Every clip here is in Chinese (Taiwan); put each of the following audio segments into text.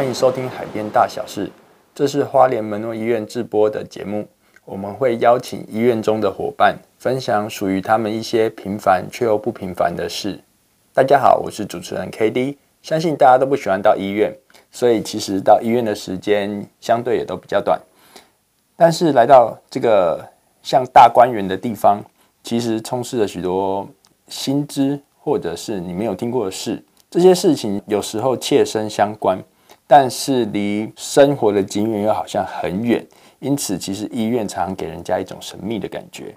歡迎收聽《海邊大小事》，這是花蓮門諾醫院製播的節目。我們會邀請醫院中的夥伴，分享屬於他們一些平凡卻又不平凡的事。大家好，我是主持人 KD。相信大家都不喜歡到醫院，所以其實到醫院的時間相對也都比較短。但是來到這個像大觀園的地方，其實充斥了許多新知，或者是你沒有聽過的事。這些事情有時候切身相關。但是離生活的經驗又好像很遠，因此其實醫院常常給人家一種神秘的感覺。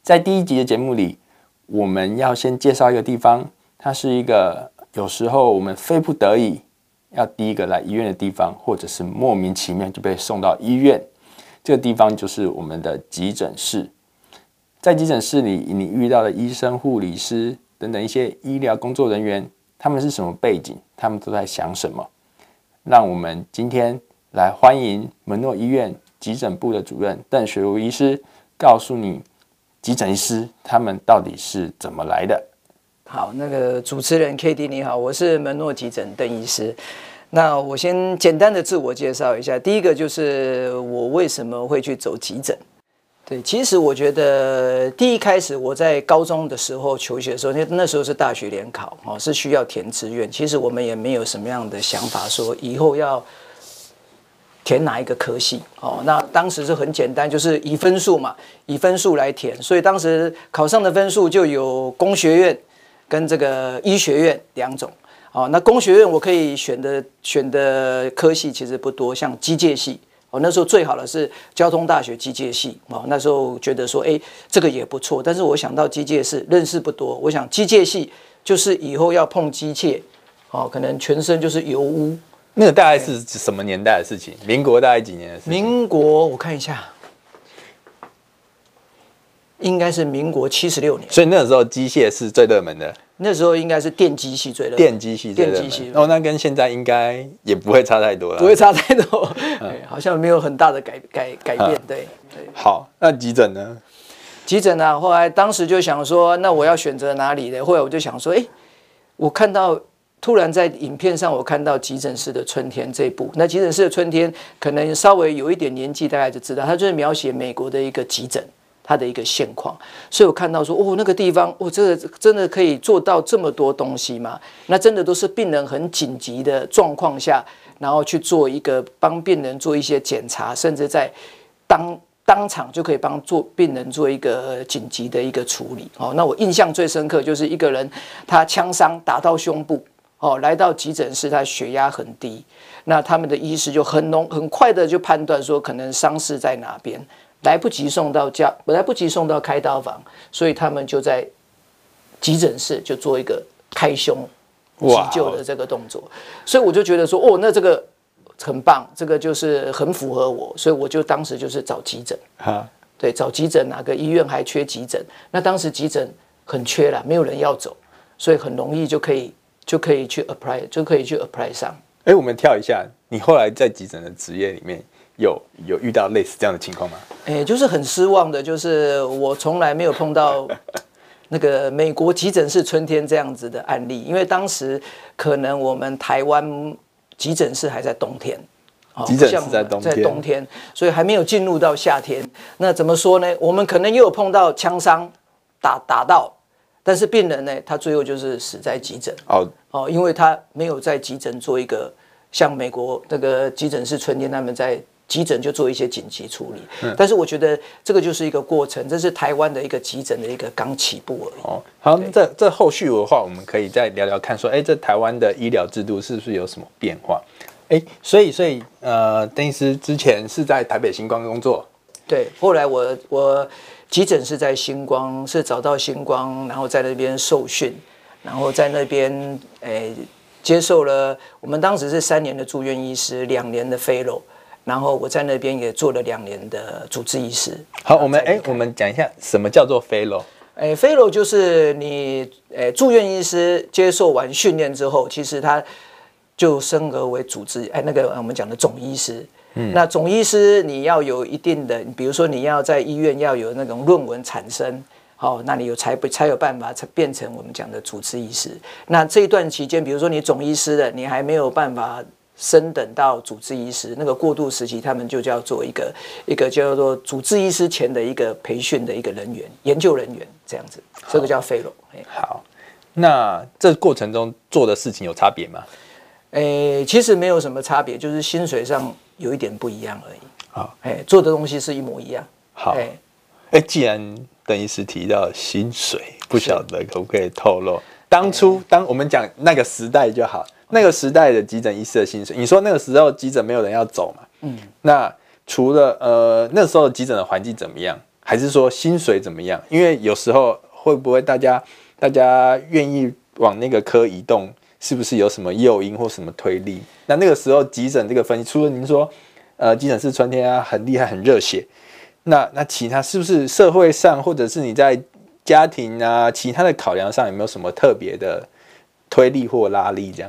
在第一集的節目裡，我們要先介紹一個地方，它是一個有時候我們非不得已要第一個來醫院的地方，或者是莫名其妙就被送到醫院。這個地方就是我們的急診室。在急診室裡，你遇到的醫生、護理師等等一些醫療工作人員，他們是什麼背景？他們都在想什麼？讓我們今天來歡迎門諾醫院急診部的主任鄧學儒醫師，告訴你急診醫師他們到底是怎麼來的。好，那個主持人 KD 你好，我是門諾急診鄧醫師。那我先簡單的自我介紹一下，第一個就是我為什麼會去走急診。對，其實我覺得第一開始我在高中的時候求學的時候，那那時候是大學聯考哦，是需要填志願。其實我們也沒有什麼樣的想法，說以後要填哪一個科系哦。那當時是很簡單，就是以分數嘛，以分數來填。所以當時考上的分數就有工學院跟這個醫學院兩種哦。那工學院我可以選的選的科系其實不多，像機械系。我那時候最好的是交通大學機械系，哦，那時候覺得說，哎、欸，這個也不錯。但是我想到機械系認識不多，我想機械系就是以後要碰機械，哦，可能全身就是油污。那個大概是什麼年代的事情？民國大概幾年的事情？民國，我看一下，應該是民國七十六年。所以那時候機械是最熱門的。那時候應該是電機系最熱了，電機系。電機系哦，那跟現在應該也不會差太多了，不會差太多，嗯欸，好像沒有很大的改改改變，嗯、對，對好，那急診呢？急診啊，後來當時就想說，那我要選擇哪裡呢？後來我就想說，哎、欸，我看到突然在影片上，我看到《急診室的春天》這部，那《急診室的春天》可能稍微有一點年紀，大概就知道，它就是描寫美國的一個急診。它的一個現況，所以我看到說，哦，那個地方，我真的真的可以做到這麼多東西嗎？那真的都是病人很緊急的狀況下，然後去做一個幫病人做一些檢查，甚至在當當場就可以幫做病人做一個緊急的一個處理。哦，那我印象最深刻就是一個人，他槍傷打到胸部，哦，來到急診室，他血壓很低，那他們的醫師就很濃很快的就判斷說可能傷勢在哪邊。來不及送到家，來不及送到開刀房，所以他們就在急診室就做一個開胸急救的這個動作。Wow. 所以我就覺得說，哦，那這個很棒，這個就是很符合我，所以我就當時就是找急診。啊、huh?，對，找急診哪個醫院還缺急診？那當時急診很缺了，沒有人要走，所以很容易就可以就可以去 apply，就可以去 apply 上。哎、欸，我們跳一下，你後來在急診的職業裡面。有有遇到類似這樣的情況嗎？哎、欸，就是很失望的，就是我從來沒有碰到那個美國急診室春天這樣子的案例，因為當時可能我們台灣急診室還在冬天。哦、急診室在冬天？像在冬天，所以還沒有進入到夏天。那怎麼說呢？我們可能又有碰到槍傷打打到，但是病人呢，他最後就是死在急診。哦、oh. 哦，因為他沒有在急診做一個像美國那個急診室春天他們在。急診就做一些緊急處理，嗯，但是我覺得這個就是一個過程，這是台灣的一個急診的一個剛起步而已。哦、好，這這後續的話，我們可以再聊聊看說，說哎，這台灣的醫療制度是不是有什麼變化？哎，所以所以呃，鄧醫師之前是在台北新光工作，對，後來我我急診是在新光，是找到新光，然後在那邊受訓，然後在那邊哎接受了我們當時是三年的住院醫師，兩年的 Fellow 然後我在那邊也做了兩年的主治醫師。好，我們哎，我們講一下什麼叫做 Fellow。哎，Fellow 就是你哎，住院醫師接受完訓練之後，其實他就升格為主治哎，那個我們講的總醫師。嗯，那總醫師你要有一定的，比如說你要在醫院要有那種論文產生，好，哦，那你有才不才有辦法才變成我們講的主治醫師。那這一段期間，比如說你總醫師的，你還沒有辦法。升等到主治醫師，那個過渡時期，他們就叫做一個，一個叫做主治醫師前的一個培訓的一個人員，研究人員這樣子，這個叫 Fellow。好，那這過程中做的事情有差別嗎？欸，其實沒有什麼差別，就是薪水上有一點不一樣而已。好，欸、做的東西是一模一樣。好，欸欸、既然等於是提到薪水，不曉得可不可以透露當初當，我們講那個時代就好，那個時代的急診醫師的薪水，你說那個時候急診沒有人要走嘛？嗯，那除了呃那時候急診的環境怎麼樣，還是說薪水怎麼樣？因為有時候會不會大家大家願意往那個科移動，是不是有什麼誘因或什麼推力？那那個時候急診這個分析，除了您說呃急診室春天啊，很厲害很熱血，那那其他是不是社會上或者是你在家庭啊其他的考量上有沒有什麼特別的推力或拉力這樣？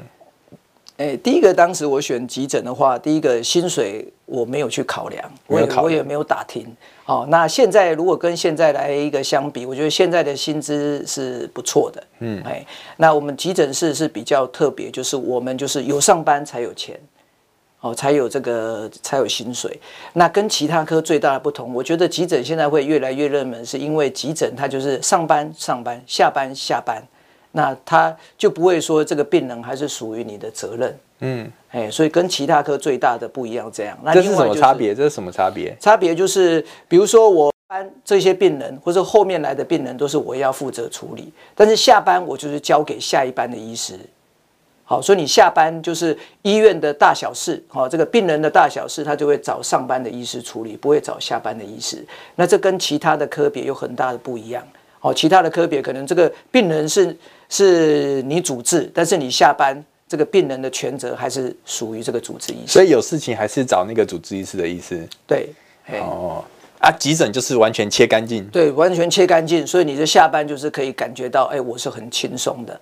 哎，第一個當時我選急診的話，第一個薪水我沒有去考量，我也沒有考量，我也沒有打聽。哦，那現在如果跟現在來一個相比，我覺得現在的薪資是不錯的。嗯，哎，那我們急診室是比較特別，就是我們就是有上班才有錢，哦，才有這個才有薪水。那跟其他科最大的不同，我覺得急診現在會越來越熱門，是因為急診它就是上班上班，下班下班。那他就不會說這個病人還是屬於你的責任，嗯，哎、欸，所以跟其他科最大的不一樣這樣，這是什麼差別？這是什麼差別？差別就是，比如說我班這些病人或者後面來的病人都是我要負責處理，但是下班我就是交給下一班的醫師。好，所以你下班就是醫院的大小事，哦，這個病人的大小事他就會找上班的醫師處理，不會找下班的醫師。那這跟其他的科別有很大的不一樣。好，其他的科別可能這個病人是。是你主治，但是你下班這個病人的全責還是屬於這個主治醫師。所以有事情還是找那個主治醫師的意思。對，哦，啊，急診就是完全切乾淨，對，完全切乾淨，所以你的下班就是可以感覺到，哎、欸，我是很輕鬆的。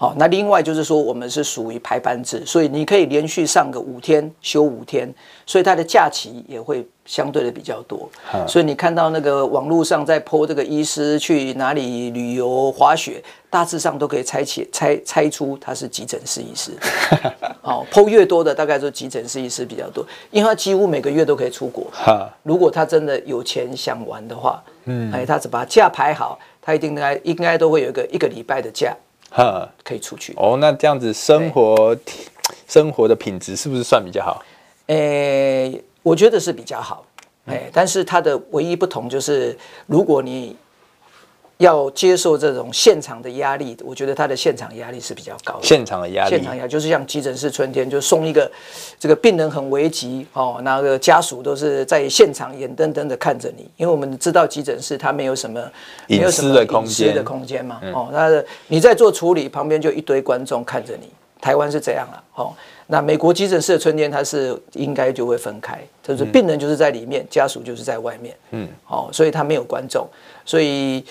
好、哦，那另外就是說，我們是屬於排班制，所以你可以連續上個五天，休五天，所以他的假期也會相對的比較多。所以你看到那個網絡上在 po 這個醫師去哪裡旅遊滑雪，大致上都可以猜起猜猜出他是急診室醫師。 哦，po 越多的大概就急診室醫師比較多，因為他幾乎每個月都可以出國。哈，如果他真的有錢想玩的話，嗯，哎，他只把假排好，他一定應該應該都會有一個一個禮拜的假。哈，可以出去哦。那這樣子生活，生活的品質是不是算比較好？誒，欸，我覺得是比較好。誒，嗯。欸，但是它的唯一不同就是，如果你，要接受這種現場的壓力，我覺得他的現場壓力是比較高的。現場的壓力，現場壓就是像急診室春天，就送一個這個病人很危急哦，那個家屬都是在現場眼瞪瞪的看着你，因為我們知道急診室他沒有什麼隱私的空間，隱私的空間嘛、嗯、哦，那你在做處理，旁邊就一堆觀眾看着你。台灣是這樣了、啊、哦，那美國急診室的春天他是應該就會分開，就是病人就是在裡面，嗯、家屬就是在外面，嗯哦，所以他沒有觀眾，所以。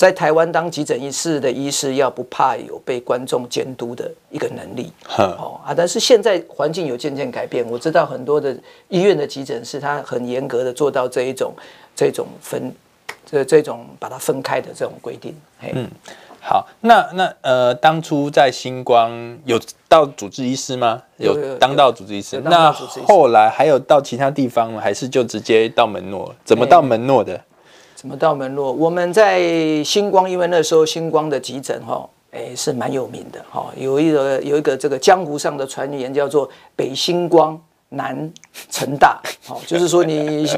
在台灣當急診醫師的醫師，要不怕有被觀眾監督的一個能力。呵哦啊！但是現在環境有漸漸改變，我知道很多的醫院的急診室，他很嚴格的做到這一種、這種分、這這種把它分開的這種規定嘿。嗯，好，那那呃，當初在新光有到主治醫師嗎？有醫師有有？有當到主治醫師。那後來還有到其他地方嗎？還是就直接到門諾？怎麼到門諾的？欸什麼道門路？我們在新光，因為那時候新光的急診哈，哎、欸，是蠻有名的哈。有一個有一個這個江湖上的傳言叫做“北新光，南成大”，好，就是說你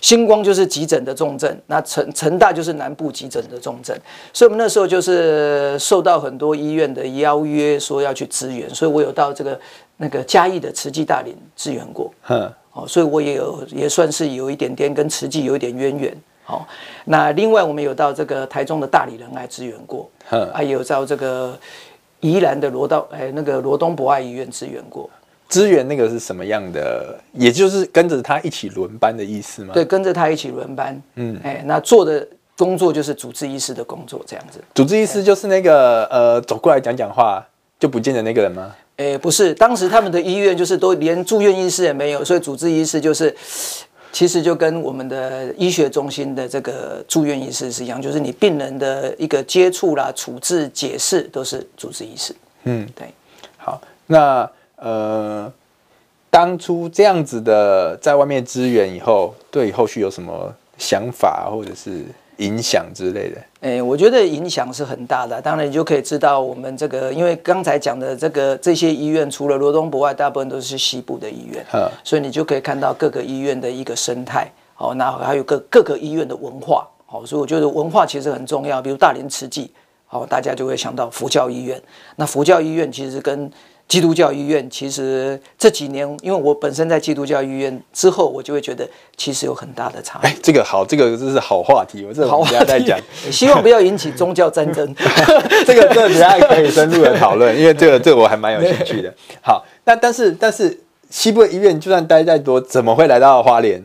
新光就是急診的重症，那成成大就是南部急診的重症。所以，我們那時候就是受到很多醫院的邀約，說要去支援。所以我有到這個那個嘉義的慈濟大林支援過，嗯，哦，所以我也有也算是有一點點跟慈濟有一點淵源。好、哦，那另外我們有到這個台中的大里仁來支援過，還、嗯啊、有到這個宜蘭的羅道，哎、欸，那個羅東博愛醫院支援過。支援那個是什麼樣的？也就是跟着他一起輪班的意思嗎？對，跟着他一起輪班。嗯，哎、欸，那做的工作就是主治醫師的工作，這樣子。主治醫師就是那個、欸、呃，走過來講講話就不見的那個人嗎？哎、欸，不是，當時他們的醫院就是都連住院醫師也沒有，所以主治醫師就是。其實就跟我們的醫學中心的這個住院醫師是一樣，就是你病人的一個接觸啦、處置、解釋都是主治醫師。嗯，對。好，那呃，當初這樣子的在外面支援以後，對後續有什麼想法或者是？影響之類的、欸，我覺得影響是很大的。當然，你就可以知道我們這個，因為剛才講的這個這些醫院，除了羅東博外，大部分都是西部的醫院，所以你就可以看到各個醫院的一個生態，好、哦，那還有各各個醫院的文化，好、哦，所以我覺得文化其實很重要。比如大林慈濟，好、哦，大家就會想到佛教醫院，那佛教醫院其實跟。基督教醫院其實這幾年，因為我本身在基督教醫院之後，我就會覺得其實有很大的差異，哎。這個好，這個這是好話題，我這個不要再講，希望不要引起宗教戰爭。 這個這個大家可以深入的討論， 因為這個這個，我還蠻有興趣的。好，那但，但是但是西部醫院就算待再多，怎麼會來到花蓮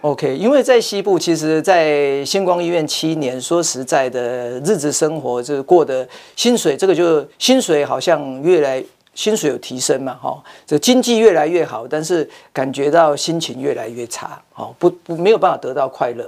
Okay，因為在西部，其實，在星光醫院七年，說實在的，日子生活就是、過得，薪水這個就薪水好像越來。薪水有提升嘛？哈、哦，這經濟越來越好，但是感覺到心情越來越差，哦，不，不沒有辦法得到快樂，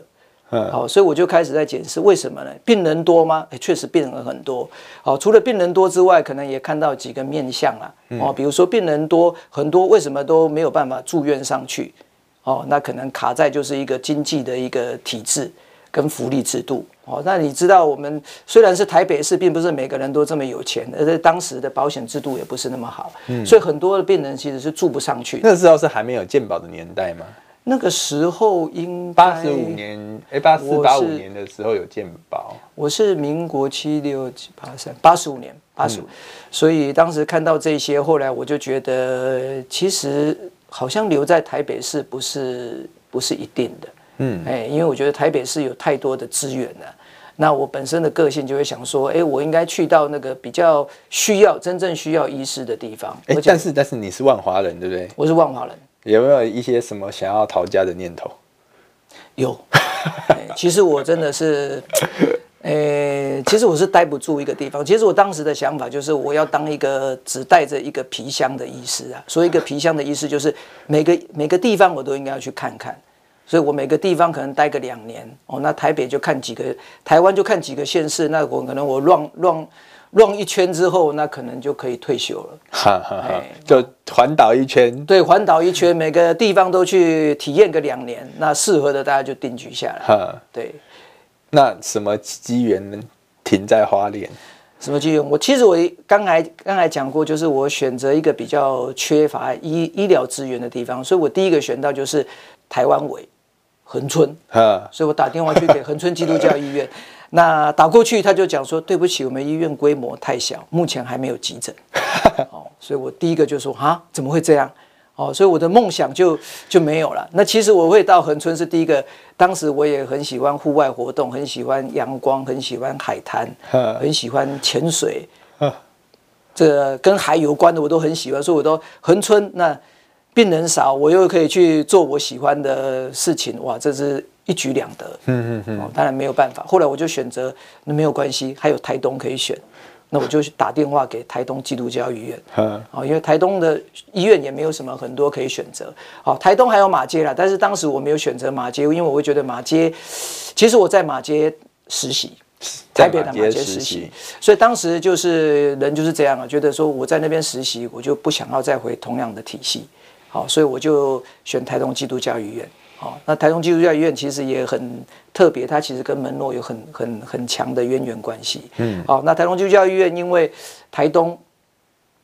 嗯，好、哦，所以我就開始在檢視，為什麼呢？病人多嗎？哎，確實病人很多，好、哦，除了病人多之外，可能也看到幾個面向啊。哦、嗯，比如說病人多很多，為什麼都沒有辦法住院上去？哦，那可能卡在就是一個經濟的一個體制。跟福利制度哦，那你知道我們雖然是台北市，並不是每個人都這麼有錢，而且當時的保險制度也不是那麼好，嗯，所以很多的病人其實是住不上去。那時候是還沒有健保的年代嗎？那個時候應該八十五年，哎、欸，八四八五年的時候有健保。我是，我是民國七六七八三八十五年八十五，所以當時看到這些，後來我就覺得，其實好像留在台北市不是不是一定的。嗯，哎、欸，因為我覺得台北市有太多的資源了，啊,那我本身的個性就會想說，哎、欸，我應該去到那個比較需要、真正需要醫師的地方。欸、但是但是你是萬華人對不對？我是萬華人。有沒有一些什麼想要逃家的念頭？有、欸，其實我真的是，哎、欸，其實我是待不住一個地方。其實我當時的想法就是，我要當一個只帶着一個皮箱的醫師啊，所以一個皮箱的醫師就是每個每個地方我都應該要去看看。所以，我每個地方可能待個兩年哦。那台北就看幾個，台灣就看幾個縣市。那我可能我 run run 一圈之後，那可能就可以退休了。哈哈、哈、哈、哎，就環島一圈。對，環島一圈，每個地方都去體驗個兩年，那適合的大家就定居下來。哈，對。那什麼機緣能停在花蓮？什麼機緣？我其實我剛才剛才講過，就是我選擇一個比較缺乏醫醫療資源的地方，所以我第一個選到就是台灣尾。恆春，所以我打電話去給恆春基督教醫院， 那打過去他就講說，對不起，我們醫院規模太小，目前還沒有急診。哦，所以我第一個就說，啊，怎麼會這樣？哦，所以我的夢想就就沒有了。那其實我會到恆春，是第一個，當時我也很喜歡戶外活動，很喜歡陽光，很喜歡海灘，很喜歡潛水， 這跟海有關的我都很喜歡，所以我都恆春。那。病人少，我又可以去做我喜歡的事情，哇，這是一舉兩得。嗯嗯嗯，當然沒有辦法。後來我就選擇，那沒有關係，還有台東可以選，那我就打電話給台東基督教醫院，哦。因為台東的醫院也沒有什麼很多可以選擇。好，哦，台東還有馬偕啦，但是當時我沒有選擇馬偕，因為我會覺得馬偕，其實我在馬偕實習，台北的馬偕實習，所以當時就是人就是這樣啊，覺得說我在那邊實習，我就不想要再回同樣的體系。好，所以我就選台東基督教醫院。好、哦，那台東基督教醫院其實也很特別，它其實跟門諾有很很很強的淵源關係。嗯。好、哦，那台東基督教醫院因為台東，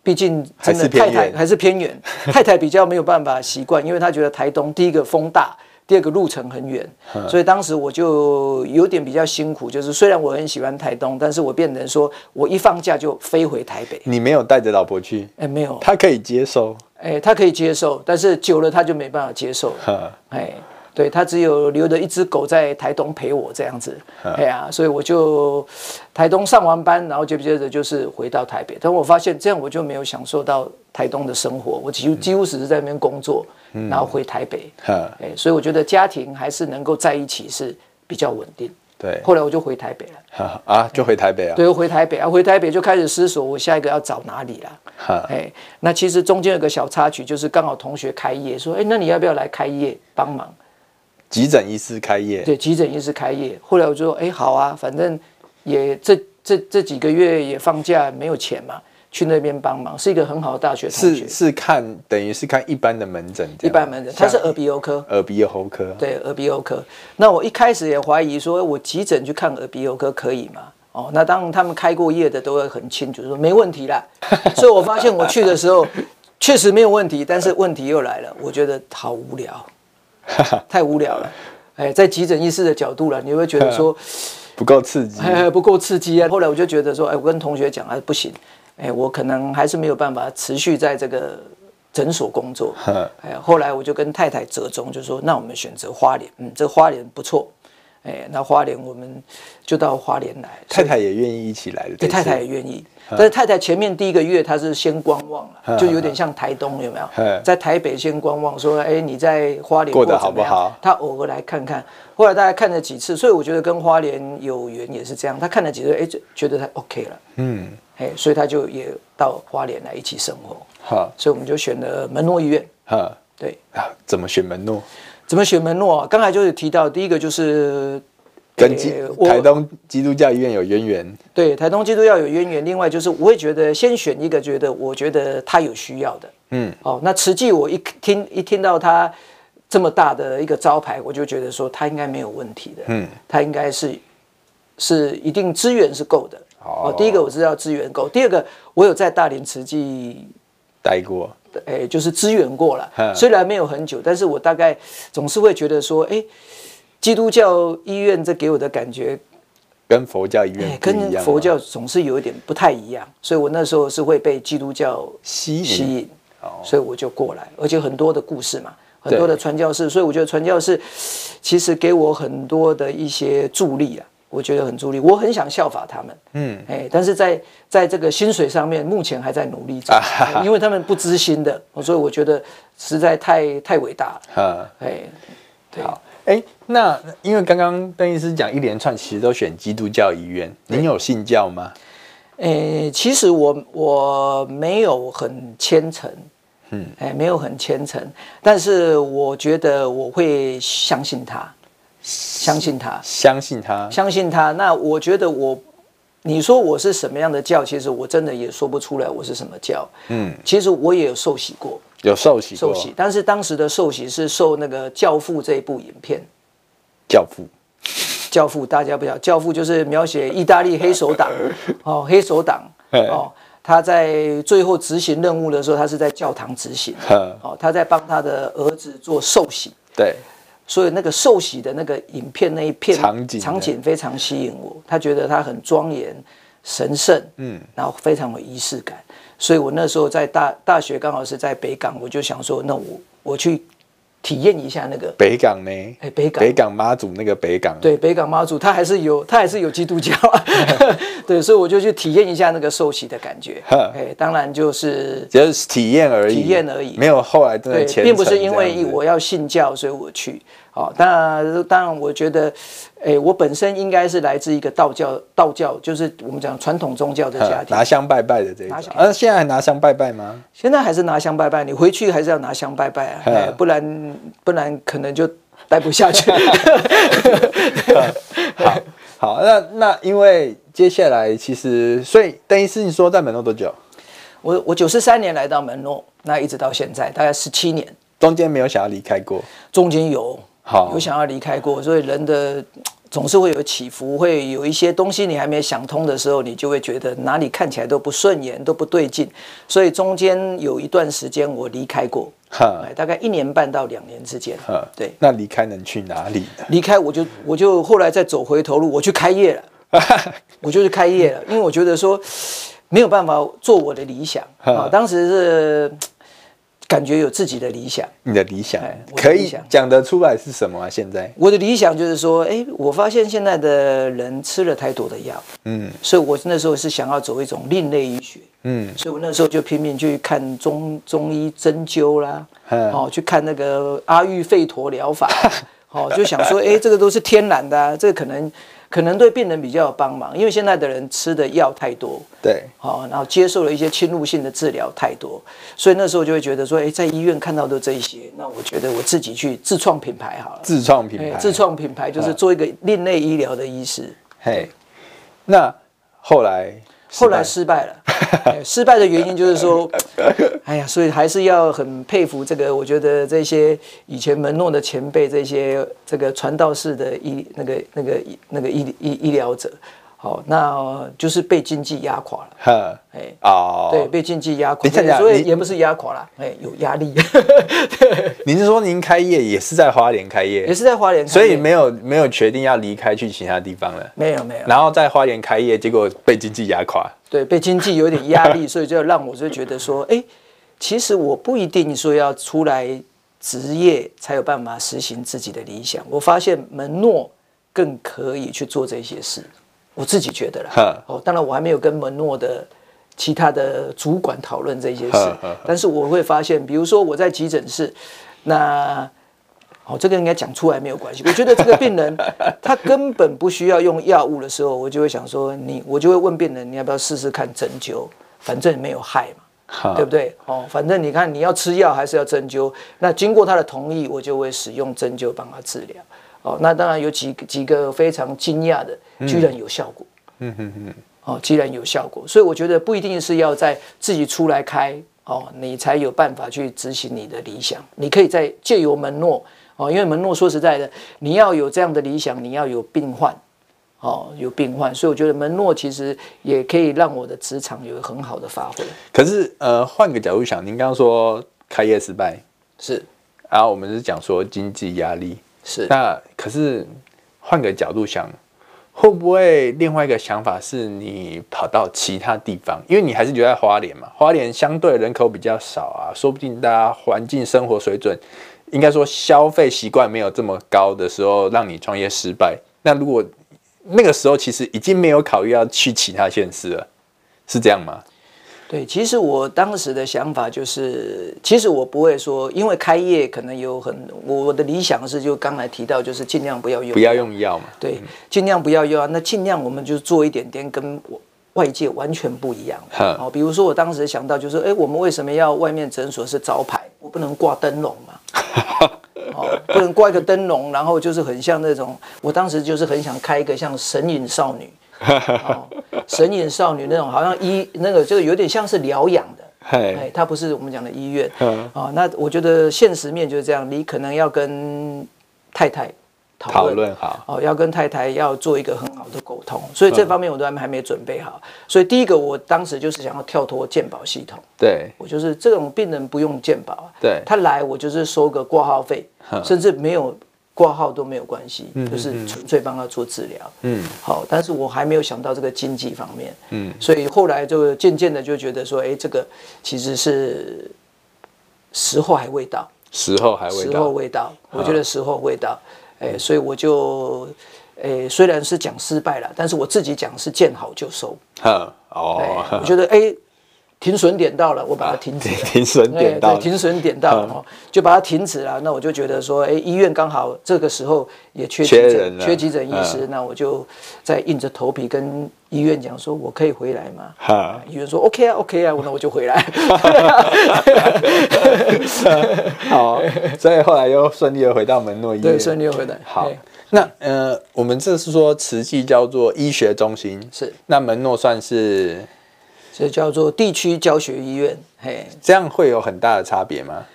畢竟真的太太還是偏遠，太太比較沒有辦法習慣， 因為她覺得台東第一個風大。第二個路程很遠，所以當時我就有點比較辛苦。就是雖然我很喜歡台東，但是我變成說我一放假就飛回台北。你沒有帶着老婆去？哎、欸，沒有。他可以接受？哎、欸，他可以接受，但是久了他就沒辦法接受了。哎。對，他只有留着一隻狗在台東陪我這樣子，哎呀、啊，所以我就台東上完班，然後接不接着就是回到台北。但我發現這樣我就沒有享受到台東的生活，我只幾乎只是在那邊工作，嗯、然後回台北。哎、嗯，所以我覺得家庭還是能夠在一起是比較穩定。對，後來我就回台北了。啊，就回台北了啊，就回台北啊。對，回台北啊，回台北就開始思索我下一個要找哪裡了。哎，那其實中間有個小插曲，就是剛好同學開業，說，哎，那你要不要來開業幫忙？急診醫師開業，對，急診醫師開業。後來我就說，哎、欸，好啊，反正也這這這，這幾個月也放假，沒有錢嘛，去那邊幫忙，是一個很好的大學同學。是是，是看等於是看一般的門診，一般門診，他是耳鼻喉科，耳鼻喉科，對，耳鼻喉科。那我一開始也懷疑說，我急診去看耳鼻喉科可以嗎？哦，那當然，他們開過業的都會很清楚，說沒問題啦。 所以我發現我去的時候確 實沒有問題，但是問題又來了，我覺得好無聊。 太無聊了，哎，在急診醫師的角度了，你會覺得說 不夠刺激、哎，不夠刺激啊。後來我就覺得說，哎，我跟同學講啊、哎，不行，哎，我可能還是沒有辦法持續在這個診所工作。 哎，後來我就跟太太折中，就說那我們選擇花蓮，嗯，這花蓮不錯、哎，那花蓮我們就到花蓮來。太太也願意一起來的，對、哎，太太也願意。但是太太前面第一個月她是先觀望了，呵呵呵，就有點像台東有沒有？呵呵在台北先觀望，說：“哎、欸，你在花蓮過，過得好不好？”她偶爾來看看，後來大家看了幾次，所以我覺得跟花蓮有緣也是這樣。她看了幾次，哎、欸，覺得她 OK 了，嗯，哎、欸，所以她就也到花蓮來一起生活。好，所以我們就選了門諾醫院。哈，對啊，怎麼選門諾？怎麼選門諾、啊？剛才就是提到第一個就是。跟、欸、台東基督教醫院有淵源，對，台東基督教有淵源。另外就是，我會覺得先選一個，覺得我覺得他有需要的。嗯，哦，那慈濟我一聽一聽到他這麼大的一個招牌，我就覺得說他應該沒有問題的。嗯，他應該是是一定資源是夠的哦。哦，第一個我知道資源夠，第二個我有在大林慈濟待過，哎、欸，就是支援過了，雖然沒有很久，但是我大概總是會覺得說，欸基督教醫院，這給我的感覺跟佛教醫院、欸、跟佛教總是有一點不太一樣，啊，所以我那時候是會被基督教吸引吸引，哦，所以我就過來，而且很多的故事嘛，很多的傳教士，所以我覺得傳教士其實給我很多的一些助力啊，我覺得很助力，我很想效法他們，嗯，哎、欸，但是在在這個薪水上面，目前還在努力做，啊哈哈欸，因為他們不知心的，所以我覺得實在太太偉大了，啊，哎、欸，好，哎、欸。那因為剛剛鄧醫師講一連串，其實都選基督教醫院。嗯、您有信教嗎？欸，其實我我沒有很虔誠，嗯，哎、欸，沒有很虔誠。但是我覺得我會相信他，相信他，相信他，相信他。那我覺得我，你說我是什麼樣的教？其實我真的也說不出來我是什麼教。嗯，其實我也有受洗過，有受洗過，受洗，但是當時的受洗是受那個《教父》這一部影片。教父，教父大家不曉得，教父就是描寫意大利黑手黨， 哦，黑手黨 哦，他在最後執行任務的時候，他是在教堂執行， 哦，他在幫他的兒子做受洗，對，所以那個受洗的那個影片那一片場景，場景非常吸引我，他覺得他很莊嚴神聖，嗯，然後非常有儀式感，所以我那時候在大大學剛好是在北港，我就想說，那我我去。體驗一下那個北港呢？哎、欸，北港，北港媽祖那個北港，對，北港媽祖，他還是有，他還是有基督教，呵呵 對，所以我就去體驗一下那個受洗的感覺。哎、欸，當然就是，就是體驗而已，體驗而已，沒有後來真的虔誠。對，並不是因為我要信教，所以我去。好、哦，當然，當然，我覺得，哎、欸，我本身應該是來自一個道教，道教就是我們講傳統宗教的家庭，拿香拜拜的這一種，啊，現在還拿香拜拜嗎？現在還是拿香拜拜，你回去還是要拿香拜拜啊，欸、不然不然可能就待不下去。 好 好，好，那那因為接下來其實，所以鄧醫師，你說在門諾多久？我我九十三年來到門諾，那一直到現在，大概十七年，中間沒有想要離開過，中間有。好有想要離開過，所以人的總是會有起伏，會有一些東西你還沒想通的時候，你就會覺得哪裡看起來都不順眼，都不對勁。所以中間有一段時間我離開過，大概一年半到兩年之間。對，那離開能去哪裡呢？離開我就我就後來再走回頭路，我去開業了， 我就去開業了，因為我覺得說沒有辦法做我的理想。當時是。感覺有自己的理想，你的理想，嗯、可以講得出來是什麼啊？現在我的理想就是說，哎、欸，我發現現在的人吃了太多的藥，嗯，所以我那時候是想要走一種另類醫學，嗯，所以我那時候就拼命去看中中醫針灸啦、嗯，哦，去看那個阿育吠陀療法 、哦，就想說，哎、欸，這個都是天然的，啊，這個，可能。可能對病人比較有幫忙，因為現在的人吃的藥太多，對，好、哦，然後接受了一些侵入性的治療太多，所以那時候就會覺得說，哎、欸，在醫院看到的這一些，那我覺得我自己去自創品牌好了，自創品牌，欸、自創品牌就是做一個另類醫療的醫師。嗯、嘿，那後來。後來失敗了， 失敗的原因就是說，哎呀，所以還是要很佩服這個。我覺得這些以前門諾的前輩，這些這個傳道士的醫那個那個那個醫醫醫療者。哦，那就是被經濟壓垮了。哎、欸，哦，對，被經濟壓垮想想。所以也不是壓垮了，哎、欸，有壓力。您 是對 說您開業也是在花蓮開業，也是在花蓮開業，所以沒有沒有決定要離開去其他地方了。沒有，沒有。然後在花蓮開業，結果被經濟壓垮。對，被經濟有點壓力， 所以就讓我就覺得說，哎、欸，其實我不一定說要出來職業才有辦法實行自己的理想。我發現門諾更可以去做這些事。我自己覺得啦，哦，當然我還沒有跟門諾的其他的主管討論這些事，但是我會發現，比如說我在急診室，那，哦，這個應該講出來沒有關係。我覺得這個病人 他根本不需要用藥物的時候，我就會想說，你，我就會問病人，你要不要試試看針灸，反正也沒有害嘛，對不對？哦，反正你看你要吃藥還是要針灸，那經過他的同意，我就會使用針灸幫他治療。哦，那當然有幾個幾個非常驚訝的，居然有效果。嗯嗯嗯，哦，居然有效果，所以我覺得不一定是要在自己出來開哦，你才有辦法去執行你的理想。你可以再借由門諾哦，因為門諾說實在的，你要有這樣的理想，你要有病患哦，有病患，所以我覺得門諾其實也可以讓我的職場有很好的發揮。可是呃，換個角度想，您剛剛說開業失敗。是。啊，我們是講說經濟壓力。是，那可是換個角度想，會不會另外一個想法是，你跑到其他地方，因為你還是留在花蓮嘛？花蓮相對人口比較少啊，說不定大家環境、生活水準，應該說消費習慣沒有這麼高的時候，讓你創業失敗。那如果那個時候其實已經沒有考慮要去其他縣市了，是這樣嗎？對，其實我當時的想法就是，其實我不會說，因為開業可能有很，我的理想是就剛才提到，就是盡量不要用，不要用藥嘛。對，盡量不要用啊。那盡量我們就做一點點跟外界完全不一樣。好、嗯哦，比如說我當時想到就是，哎，我們為什麼要外面診所是招牌？我不能掛燈籠嘛？ 哦、不能掛一個燈籠，然後就是很像那種，我當時就是很想開一個像神隱少女。 哦、神隱少女那種好像醫那個就有點像是療養的，哎、 欸，它不是我們講的醫院、 哦。那我覺得現實面就是這樣，你可能要跟太太討論好，哦，要跟太太要做一個很好的溝通，所以這方面我都還沒準備好。 所以第一個，我當時就是想要跳脫健保系統，對，我就是這種病人不用健保，對，他來我就是收個掛號費， 甚至沒有。掛號都沒有關係，就是純粹幫他做治療、嗯。嗯，好，但是我還沒有想到這個經濟方面。嗯，所以後來就漸漸的就覺得說，哎、欸，這個其實是時候還未到。時候還未到。時候未到，哦、我覺得時候未到。哎、欸，所以我就，哎、欸，雖然是講失敗了，但是我自己講是見好就收。哈、哦欸，我覺得哎。欸停損點到了，我把它停止。停損點到了，停損點到了，了、嗯喔、就把它停止了。那我就覺得說，哎、欸，醫院剛好這個時候也缺急診缺，缺急診醫師、嗯，那我就再硬着頭皮跟醫院講說，我可以回來嗎？嗯、醫院說、嗯、OK 啊，OK 啊、嗯，那我就回來。嗯、 好，所以後來又順利的回到門諾醫院。對，順利又回來。好，欸、那呃，我們這是說慈濟叫做醫學中心，是那門諾算是。這叫做地區教學醫院，嘿，這樣會有很大的差別嗎？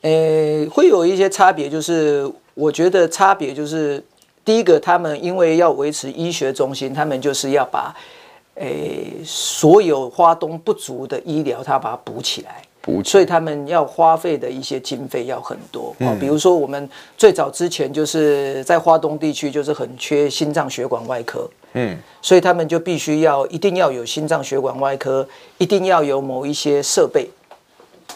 呃、欸，會有一些差別，就是我覺得差別就是第一個，他們因為要維持醫學中心，他們就是要把、欸、所有花東不足的醫療，他把它補起來，補，所以他們要花費的一些經費要很多、嗯、比如說我們最早之前就是在花東地區就是很缺心臟血管外科。嗯，所以他們就必須要一定要有心臟血管外科，一定要有某一些設備，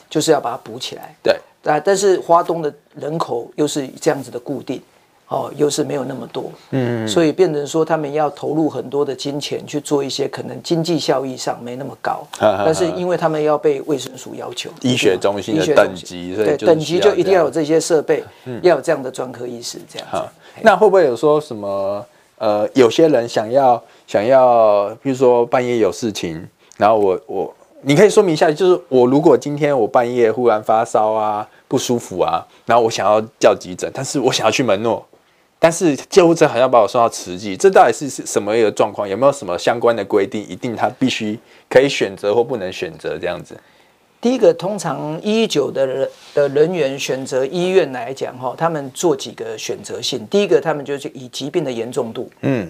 就是要把它補起來。對，啊，但是花東的人口又是這樣子的固定，哦，又是沒有那麼多，嗯、嗯、嗯，所以變成說他們要投入很多的金錢去做一些可能經濟效益上沒那麼高，啊啊啊，但是因為他們要被衛生署要求，醫學中心的等級，對，等級就一定要有這些設備，嗯，要有這樣的專科醫師，這樣子。好，啊，那會不會有說什麼？呃，有些人想要想要，譬如說半夜有事情，然後我我你可以說明一下，就是我如果今天我半夜忽然發燒啊，不舒服啊，然後我想要叫急診，但是我想要去門諾，但是救護車好像把我送到慈濟，這到底是是什麼一個狀況？有沒有什麼相關的規定？一定他必須可以選擇或不能選擇這樣子？第一個，通常119的人的人員選擇醫院來講，哈，他們做幾個選擇性。第一個，他們就是以疾病的嚴重度，嗯。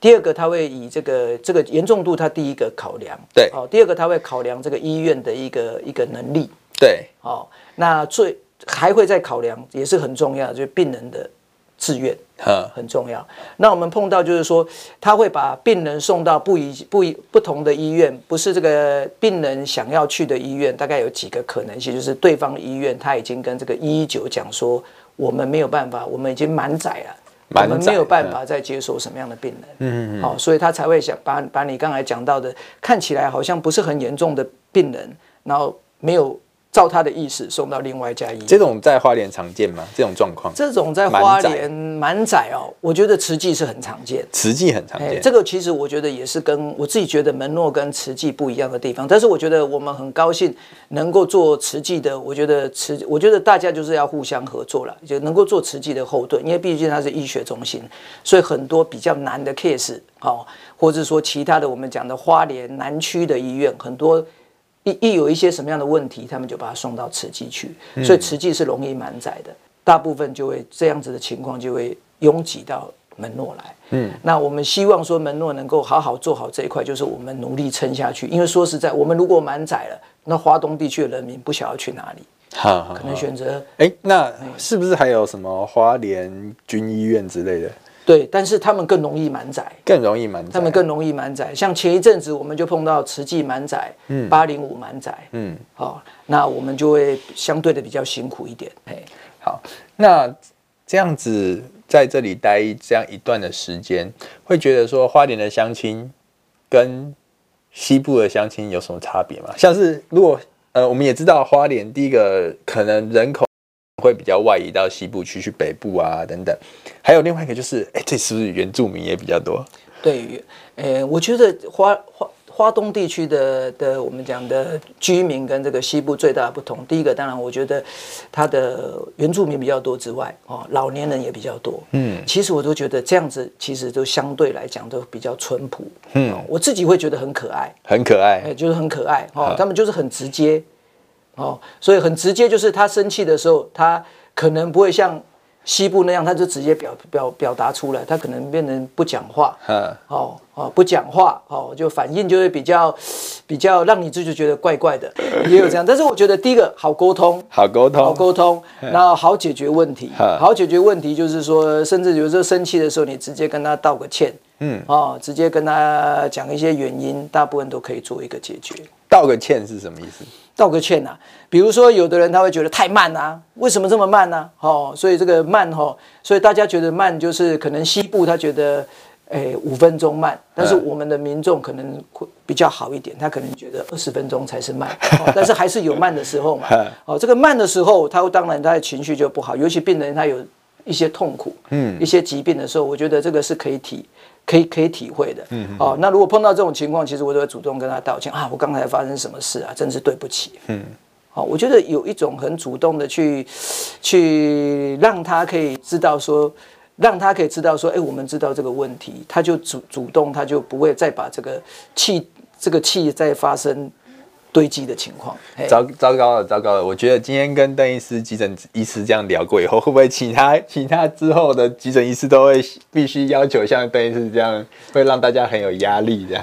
第二個，他會以這個這個嚴重度，他第一個考量。對，好、哦。第二個，他會考量這個醫院的一個一個能力，對，好、哦。那最還會再考量，也是很重要，就是病人的。自願，呃，很重要。那我們碰到就是說，他會把病人送到不一不一不同的醫院，不是這個病人想要去的醫院。大概有幾個可能性，就是對方醫院他已經跟這個一一九講說，我們沒有辦法，我們已經滿載了，我們沒有辦法再接受什麼樣的病人。嗯嗯。好，所以他才會想把把你剛才講到的，看起來好像不是很嚴重的病人，然後沒有。照他的意思送到另外一家醫院，這種在花蓮常見嗎？這種狀況？這種在花蓮滿載哦，我覺得慈濟是很常見，慈濟很常見、欸。這個其實我覺得也是跟我自己覺得門諾跟慈濟不一樣的地方，但是我覺得我們很高興能夠做慈濟的，我覺得慈，我覺得大家就是要互相合作了，就能夠做慈濟的後盾，因為畢竟它是醫學中心，所以很多比較難的 case 哦、喔，或者說其他的我們講的花蓮南區的醫院很多。一有一些什麼樣的問題，他們就把它送到慈濟去、嗯，所以慈濟是容易滿載的，大部分就會這樣子的情況就會擁擠到門諾來。嗯，那我們希望說門諾能夠好好做好這一塊，就是我們努力撐下去。因為說實在，我們如果滿載了，那花東地區的人民不曉得去哪裡，好好好可能選擇、欸。那是不是還有什麼花蓮軍醫院之類的？對，但是他們更容易滿載，更容易滿載，他們更容易滿載、啊。像前一陣子我們就碰到慈濟滿載，嗯，八零五滿載，嗯，好、哦，那我們就會相對的比較辛苦一點嘿。好，那這樣子在這裡待這樣一段的時間，會覺得說花蓮的鄉親，跟西部的鄉親有什麼差別嗎？像是如果呃，我們也知道花蓮第一個可能人口。會比較外移到西部去，去北部啊等等，還有另外一個就是，哎，這是不是原住民也比較多？對，呃，我覺得花花花東地區的的我們講的居民跟這個西部最大的不同，第一個當然我覺得他的原住民比較多之外，哦，老年人也比較多。嗯，其實我都覺得這樣子，其實都相對來講都比較淳樸。嗯，哦、我自己會覺得很可愛，很可愛，哎，就是很可愛哦，他們就是很直接。哦，所以很直接，就是他生氣的時候，他可能不會像西部那樣，他就直接表表表達出來，他可能變成不講話，嗯、哦，好、哦、不講話，哦，就反應就會比較比較讓你自己覺得怪怪的，也有這樣。但是我覺得第一個好溝通，好溝通，好溝通，然後好解決問題，好解決問題，就是說，甚至有時候生氣的時候，你直接跟他道個歉，嗯，啊、哦，直接跟他講一些原因，大部分都可以做一個解決。道個歉是什麼意思？道個歉吶、啊，比如說有的人他會覺得太慢啊，為什麼這麼慢呢、啊？哦，所以這個慢哈、哦，所以大家覺得慢就是可能西部他覺得，誒五分鐘慢，但是我們的民眾可能會比較好一點，他可能覺得二十分鐘才是慢、哦，但是還是有慢的時候嘛。 哦，這個慢的時候，他當然他的情緒就不好，尤其病人他有一些痛苦，嗯，一些疾病的時候，我覺得這個是可以提。可以可以體會的嗯，嗯，哦，那如果碰到這種情況，其實我都會主動跟他道歉啊，我剛才發生什麼事啊，真是對不起，嗯，好、哦，我覺得有一種很主動的去，去讓他可以知道說，讓他可以知道說，哎、欸，我們知道這個問題，他就主主動，他就不會再把這個氣，這個氣再發生，堆積的情況，糟糟糕了，糟糕了！我覺得今天跟鄧醫師、急診醫師這樣聊過以後，會不會其他其他之後的急診醫師都會必須要求像鄧醫師這樣，會讓大家很有壓力這樣？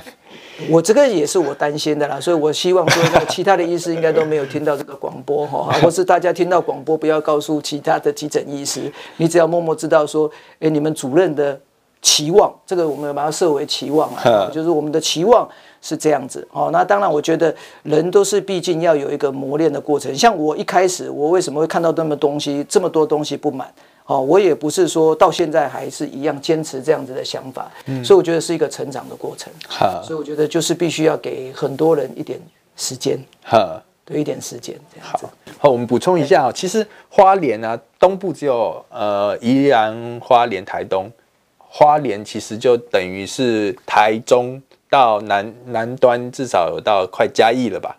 我這個也是我擔心的啦，所以我希望說，其他的醫師應該都沒有聽到這個廣播哈，或是大家聽到廣播不要告訴其他的急診醫師，你只要默默知道說，哎、欸，你們主任的。期望這個，我們把它設為期望啊，就是我們的期望是這樣子哦。那當然，我覺得人都是畢竟要有一個磨練的過程。像我一開始，我為什麼會看到那麼東西，這麼多東西不滿？哦，我也不是說到現在還是一樣堅持這樣子的想法，嗯、所以我覺得是一個成長的過程。所以我覺得就是必須要給很多人一點時間，哈，對，一點時間。好，好，我們補充一下啊、哦嗯，其實花蓮啊，東部只有呃宜蘭花蓮台東。花蓮其實就等於是台中到南南端，至少有到快嘉義了吧？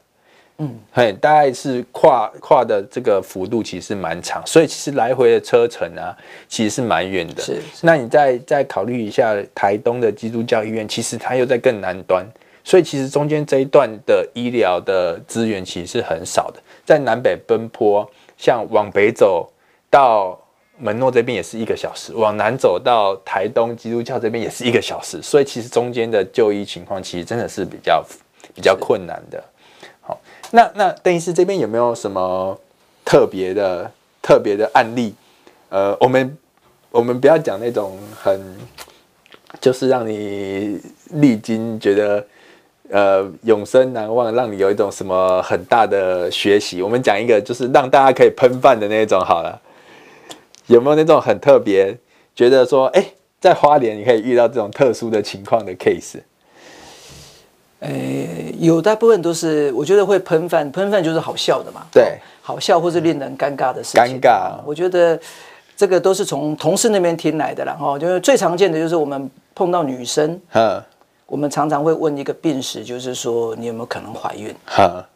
嗯，嘿，大概是跨跨的這個幅度其實蠻長，所以其實來回的車程啊，其實是蠻遠的。是，是。那你再再考慮一下台東的基督教醫院，其實它又在更南端，所以其實中間這一段的醫療的資源其實是很少的。在南北奔波，像往北走到。門諾這邊也是一個小時，往南走到台東基督教這邊也是一個小時，所以其實中間的就醫情況其實真的是比較比較困難的。好，那那鄧醫師這邊有沒有什麼特別的特別的案例？呃，我們我們不要講那種很就是讓你歷經覺得呃永生難忘，讓你有一種什麼很大的學習。我們講一個就是讓大家可以噴飯的那種好了。有沒有那種很特別，覺得說，哎，在花蓮你可以遇到這種特殊的情況的 case？哎，有，大部分都是，我覺得會噴飯，噴飯就是好笑的嘛。對，哦，好笑或是令人尷尬的事情。嗯，尷尬。嗯，我覺得這個都是從同事那邊聽來的啦。哦，就是最常見的就是我們碰到女生，哈，我們常常會問一個病史，就是說你有沒有可能懷孕？哈。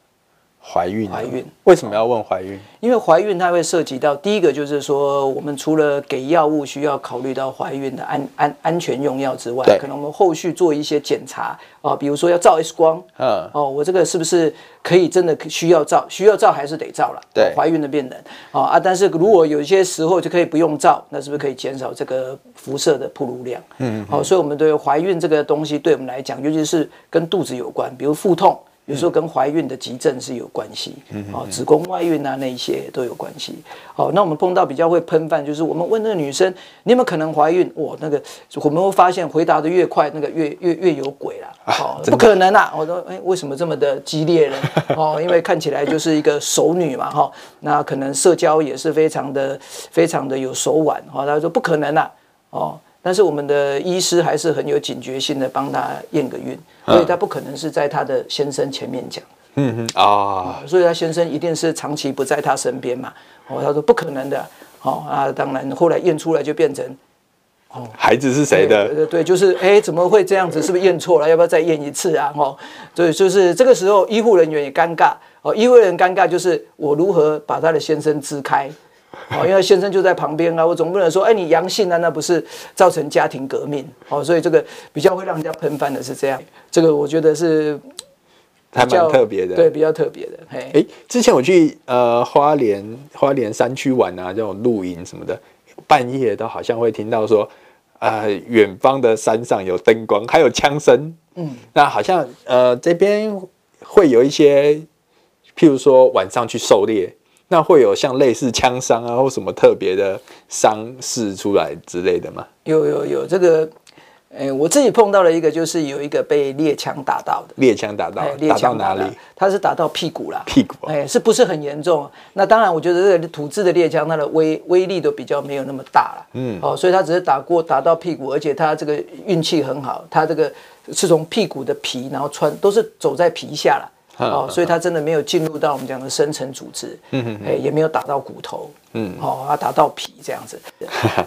懷孕，懷孕為什，為什麼要問懷孕？因為懷孕它會涉及到第一個就是說，我們除了給藥物需要考慮到懷孕的安安安全用藥之外，對，可能我們後續做一些檢查啊、呃，比如說要照 X 光，哦、嗯呃，我這個是不是可以真的需要照？需要照還是得照了？對，懷孕的病人啊、呃、啊，但是如果有一些時候就可以不用照，那是不是可以減少這個輻射的暴露量？嗯，嗯，好、呃，所以我們對懷孕這個東西對我們來講，尤其是跟肚子有關，比如腹痛。有時候跟懷孕的急症是有關係，哦、嗯，子宮外孕啊，那些都有關係。好，那我們碰到比較會噴飯，就是我們問那個女生，你有沒有可能懷孕？我那個我們會發現回答得越快，那個越越越有鬼啦。好、啊喔，不可能啦、啊。我、喔、說，哎、欸，為什麼這麼的激烈呢？哦， 因為看起來就是一個熟女嘛，哈、喔，那可能社交也是非常的非常的有手腕。哦、喔，她說不可能啦、啊，哦、喔。但是我們的醫師還是很有警覺性的幫他驗個孕，嗯，所以他不可能是在他的先生前面講，嗯嗯啊，哦，所以他先生一定是長期不在他身邊嘛。哦，他說不可能的，好、哦、啊，當然後來驗出來就變成哦，孩子是誰的、欸。對，就是哎，欸，怎麼會這樣子？是不是驗錯了？要不要再驗一次啊？哦，所以就是這個時候醫護人員也尷尬，哦，醫護人員尷尬就是我如何把他的先生支開。好，因為先生就在旁邊啊，我總不能說，哎、欸，你陽性啊，那不是造成家庭革命？哦、喔，所以這個比較會讓人家噴飯的是這樣，這個我覺得是還蠻特別的，對，比較特別的，嘿。哎、欸，之前我去呃花蓮，花蓮山區玩啊，這種露營什麼的，半夜都好像會聽到說，呃，遠方的山上有燈光，還有槍聲。嗯，那好像呃這邊會有一些，譬如說晚上去狩獵。那會有像類似槍傷啊，或什麼特別的傷勢出來之類的嗎？有有有，這個，欸、我自己碰到了一個，就是有一個被獵槍打到的。獵槍打到，欸、獵槍打到哪裡？它是打到屁股啦，屁股、啊。哎、欸，是不是很嚴重？那當然，我覺得這個土製的獵槍，它的威威力都比較沒有那麼大了。嗯。哦，所以它只是打過打到屁股，而且它這個運氣很好，它這個是從屁股的皮，然後穿都是走在皮下了。哦，所以他真的沒有進入到我們講的深層組織，哎、嗯嗯嗯，也沒有打到骨頭，嗯，哦，要打到皮這樣子，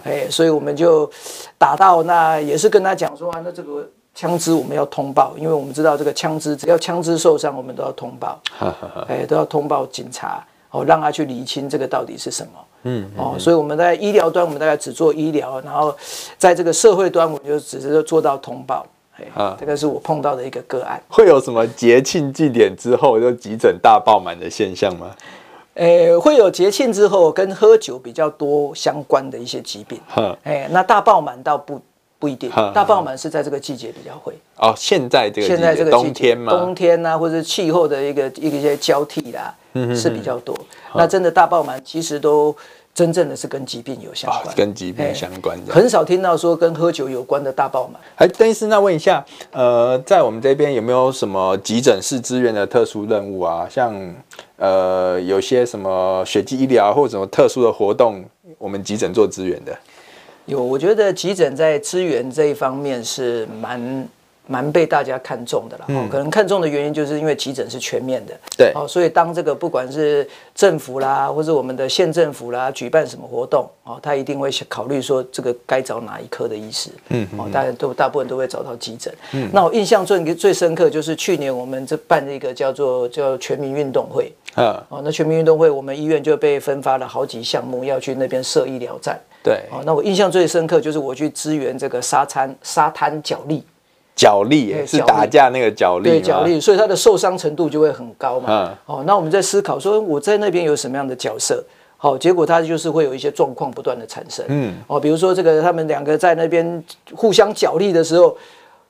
哎、欸，所以我們就打到那也是跟他講說、啊，那這個槍支我們要通報，因為我們知道這個槍支，只要槍支受傷，我們都要通報，哎、嗯嗯欸，都要通報警察，哦，讓他去釐清這個到底是什麼，嗯，嗯哦，所以我們在醫療端，我們大概只做醫療，然後在這個社會端，我們就只是做到通報。這個是我碰到的一個個案。會有什麼節慶祭典之後就急診大爆滿的現象嗎？誒、欸，會有節慶之後跟喝酒比較多相關的一些疾病。哈、欸，那大爆滿倒不不一定呵呵。大爆滿是在這個季節比較會。哦，現在這個季節，現在這個冬天嘛，冬天吶、啊，或者氣候的一個一個一些交替啦，嗯、哼哼是比較多。那真的大爆滿其實都。真正的是跟疾病有相關的。哦，跟疾病相關。很少聽到說跟喝酒有關的大爆滿。哎，鄧醫師，那問一下，呃，在我們這邊有沒有什麼急診室支援的特殊任務啊？像，呃，有些什麼血祭醫療或者什麼特殊的活動，我們急診做支援的？有，我覺得急診在支援這一方面是蠻。蠻被大家看中的了。嗯。可能看中的原因就是因為急診是全面的，對。哦，所以當這個不管是政府啦，或者我們的縣政府啦，舉辦什麼活動哦，他一定會考慮說這個該找哪一科的醫師，嗯，嗯、哦、大家都大部分都會找到急診。嗯、那我印象最最深刻就是去年我們這辦這個叫做叫全民運動會，啊、哦、那全民運動會我們醫院就被分發了好幾項目要去那邊設醫療站，對。哦，那我印象最深刻就是我去支援這個沙灘沙灘角力。角力、欸、力是打架那個角力，對，角力，所以他的受傷程度就會很高嘛。嗯、哦，那我們在思考說我在那邊有什麼樣的角色，好、哦，結果他就是會有一些狀況不斷的產生。嗯，哦，比如說這個他們兩個在那邊互相角力的時候，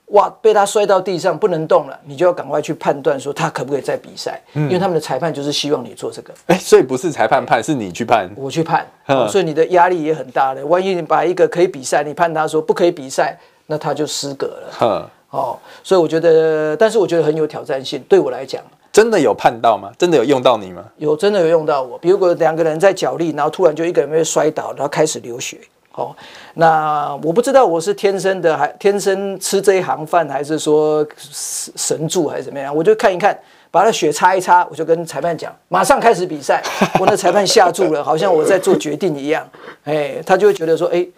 哇，被他摔到地上不能動了，你就要趕快去判斷說他可不可以再比賽、嗯，因為他們的裁判就是希望你做這個。哎、欸，所以不是裁判判，是你去判，我去判。嗯哦、所以你的壓力也很大的，萬一你把一個可以比賽，你判他說不可以比賽。那他就失格了。哦，所以我覺得，但是我覺得很有挑戰性。對我來講，真的有判到嗎？真的有用到你嗎？有，真的有用到我。比如果兩個人在角力，然後突然就一個人被摔倒，然後開始流血，哦，那我不知道我是天生的還天生吃這一行飯，還是說神神助還是怎麼樣？我就看一看，把那血擦一擦，我就跟裁判講，馬上開始比賽。我 那裁判嚇住了，好像我在做決定一樣。誒、欸，他就會覺得說，誒、欸。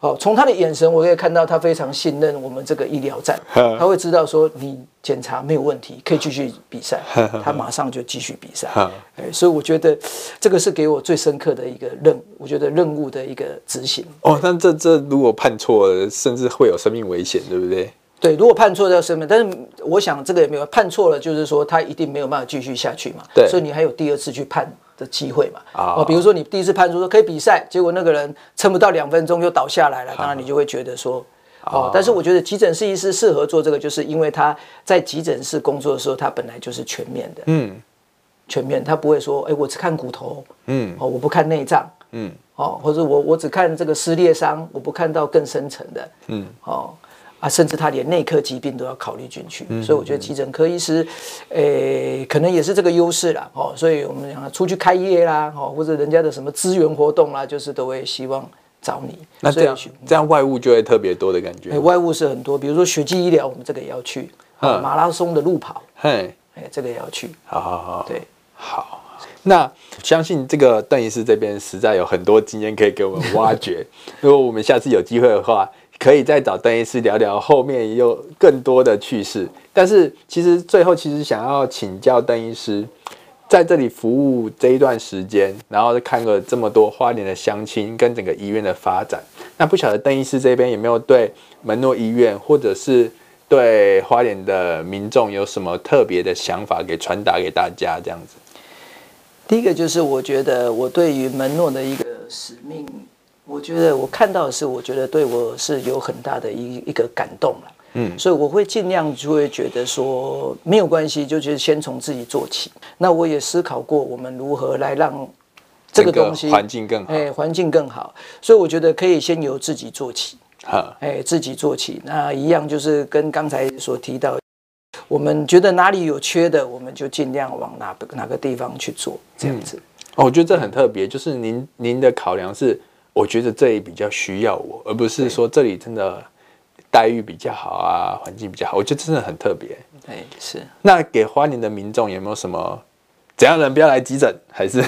哦，從他的眼神，我也看到他非常信任我們這個醫療站，他會知道說你檢查沒有問題，可以繼續比賽，他馬上就繼續比賽。欸，所以我覺得這個是給我最深刻的一個任，我覺得任務的一個執行。哦，那這這如果判錯了，甚至會有生命危險，對不對？對，如果判錯要生命，但是我想這個也沒有判錯了，就是說他一定沒有辦法繼續下去嘛。對，所以你還有第二次去判。的機會嘛、oh. 哦，比如說你第一次判出說可以比賽，結果那個人撐不到兩分鐘就倒下來了，當然你就會覺得說 oh. Oh. 哦，但是我覺得急診室醫師適合做這個，就是因為他在急診室工作的時候，他本來就是全面的，嗯，全面，他不會說哎、欸，我只看骨頭，嗯，哦，我不看內臟，嗯，哦，或者我我只看這個撕裂傷，我不看到更深層的，嗯，哦。啊，甚至他連內科疾病都要考慮進去嗯，嗯，所以我覺得急診科醫師、欸，可能也是這個優勢啦。哦，所以我們講出去開業啦，哦，或者人家的什麼資源活動啦，就是都會希望找你。那這樣，這樣外務就會特別多的感覺、欸。外務是很多，比如說血跡醫療，我們這個也要去。喔、馬拉松的路跑。嘿、欸。這個也要去。好好好。對。好。那相信這個鄧醫師這邊實在有很多經驗可以給我們挖掘。 如果我們下次有機會的話。可以再找鄧醫師聊聊後面也有更多的趣事，但是其實最後其實想要請教鄧醫師，在這裡服務這一段時間，然後看了這麼多花蓮的鄉親跟整個醫院的發展，那不曉得鄧醫師這邊有沒有對門諾醫院或者是對花蓮的民眾有什麼特別的想法給傳達給大家？這樣子。第一個就是我覺得我對於門諾的一個使命。我覺得我看到的是，我覺得對我是有很大的一一個感動，嗯，所以我會盡量就會覺得說沒有關係，就覺得先從自己做起。那我也思考過，我們如何來讓這個東西環境更好，哎，欸，環境更好。所以我覺得可以先由自己做起，哈，哎，欸，自己做起。那一樣就是跟剛才所提到，我們覺得哪裡有缺的，我們就盡量往哪哪個地方去做，這樣子。嗯，哦，我覺得這很特別，嗯，就是您您的考量是。我覺得這裡比較需要我，而不是說這裡真的待遇比較好啊，環境比較好。我覺得真的很特別。對，是。那給花蓮的民眾有沒有什麼怎樣，人不要來急診？還是？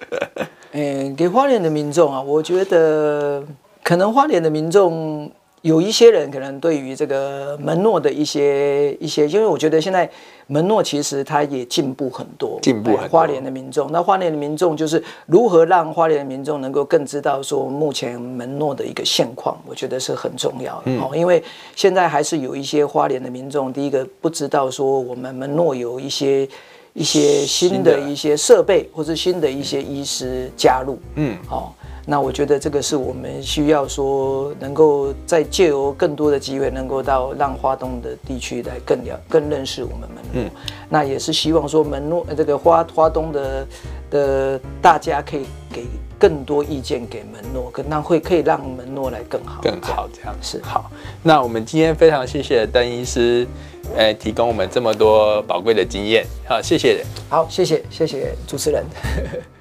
欸，給花蓮的民眾啊，我覺得可能花蓮的民眾。有一些人可能對於這個門諾的一些一些，因為我覺得現在門諾其實它也進步很多，進步很多。哎、花蓮的民眾，那花蓮的民眾就是如何讓花蓮的民眾能夠更知道說目前門諾的一個現況，我覺得是很重要的。嗯、哦，因為現在還是有一些花蓮的民眾，第一個不知道說我們門諾有一些一些新的一些設備或是新的一些醫師加入，嗯，好、哦。那我覺得這個是我們需要說，能夠再借由更多的機會，能夠到讓花東的地區來更了更認識我們門諾、嗯。那也是希望說門諾這個花花，花東的的大家可以給更多意見給門諾，跟讓會可以讓門諾來更好更好這樣是好。那我們今天非常謝謝鄧醫師、呃，提供我們這麼多寶貴的經驗，好謝謝。好，謝謝謝謝主持人。